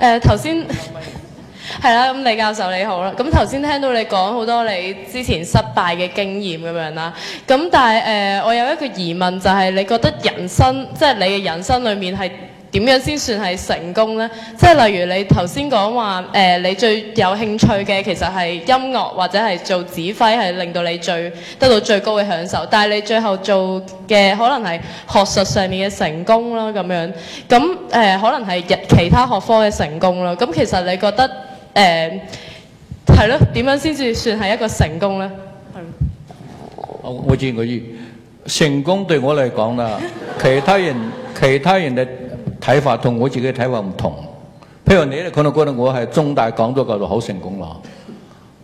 誒頭先係啦，咁、呃 啊、李教授你好啦。咁頭先聽到你講好多你之前失敗嘅經驗咁樣啦。咁但係、呃，我有一個疑問，就係、是、你覺得人生即係、就是、你嘅人生裏面係？點樣先算係成功呢？即係例如你頭先講話誒，你最有興趣嘅其實係音樂或者係做指揮，係令到你最得到最高嘅享受。但係你最後做嘅可能係學術上面嘅成功啦，咁樣咁誒，可能係日其他學科嘅成功啦。咁其實你覺得誒係咯？點樣先至算係一個成功呢？係。我知我知，成功對我嚟講啦，其他人其他人嘅。睇法同我自己嘅睇法唔同，譬如你哋可能覺得我係中大講座教授好成功啦，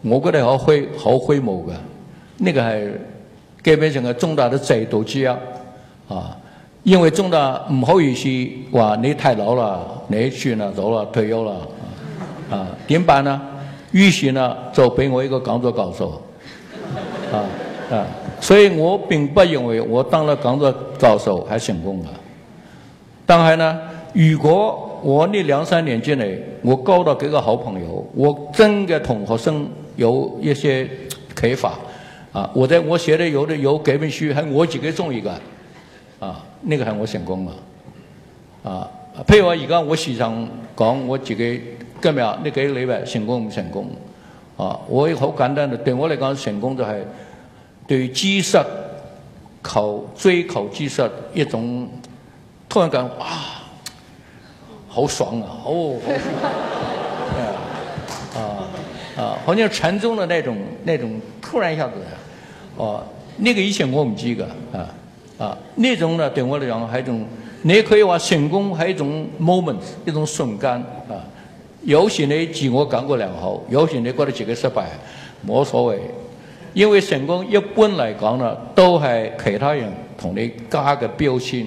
我覺得好虛好虛無嘅，呢個係基本上係中大的制度之一啊，啊，因為中大唔好意思話你太老啦，你算啦老啦退休啦，啊點辦呢？於是呢就俾我一個講座教授，啊啊，所以我並不認為我當咗講座教授係成功啊。咁但係呢？如果我呢兩三年之內，我交到幾個好朋友，我真嘅同學生有一些啟發啊，我在我寫嘅有啲有幾本書，係我自己中意嘅，啊，那個係我成功啦，啊，譬如話而家我時常講我自己今日呢幾個、那個、禮拜成功唔成功？啊，我也好簡單嘅，對我嚟講成功就係對知識考追求知識一種。突然感覺哇，好爽啊！哦，啊、 哎、啊，好像禪宗的那種、那種突然一下子，哦、啊，那個以前我唔知噶，啊啊，那種呢，對我嚟講，還一種，你可以話成功係一種 moment，一種瞬間啊。有時你自我感覺良好，有時你覺得自己失敗，冇所謂，因為成功一般嚟講呢，都係其他人同你加個標籤。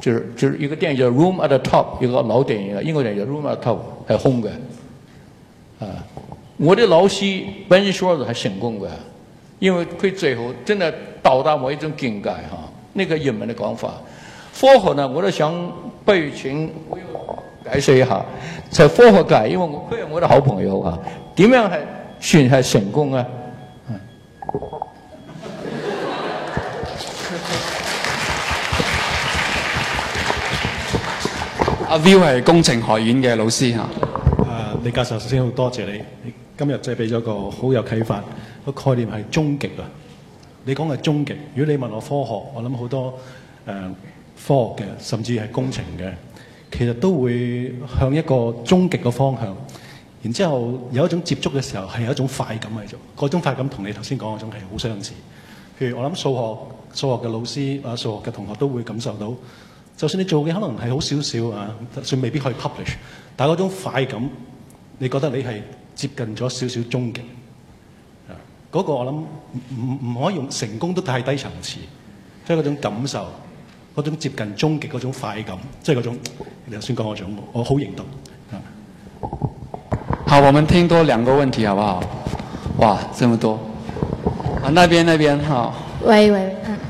就是就是一個電影叫《Room at the Top》，一個老電影啊，英國電影叫《Room at the Top》，係紅嘅。啊，我的老師本身嗰陣係成功嘅，因為佢最後真係到達某一種境界吓，啊，呢個英文嘅講法。科學呢，我都想不如請我要解釋一下。在科學界，因為我佢係我的好朋友啊。點樣係算係成功啊？啊.阿 View 係工程學院嘅老師吓，誒、啊，李教授首先好多謝你，你今日即係俾咗個好有啟發個概念係終極啊！你講嘅終極，如果你問我科學，我諗好多誒、呃、科學嘅甚至係工程嘅，其實都會向一個終極嘅方向。然之後有一種接觸嘅時候，係有一種快感喺度，嗰種快感同你頭先講嗰種係好相似。譬如我諗數學，數學嘅老師或者數學嘅同學都會感受到。就算你做嘅可能係好少少啊，就算未必可以 publish，但係嗰種快感，你覺得你係接近咗少少終極啊？嗰、嗰個我諗唔唔可以用成功都太低層次，即係嗰種感受，嗰種接近終極嗰種快感，即係嗰種。你頭先講嗰種我好認同。啊、好，我們聽多兩個問題，好唔好？哇，這麼多啊！那邊那邊，好。喂喂，嗯。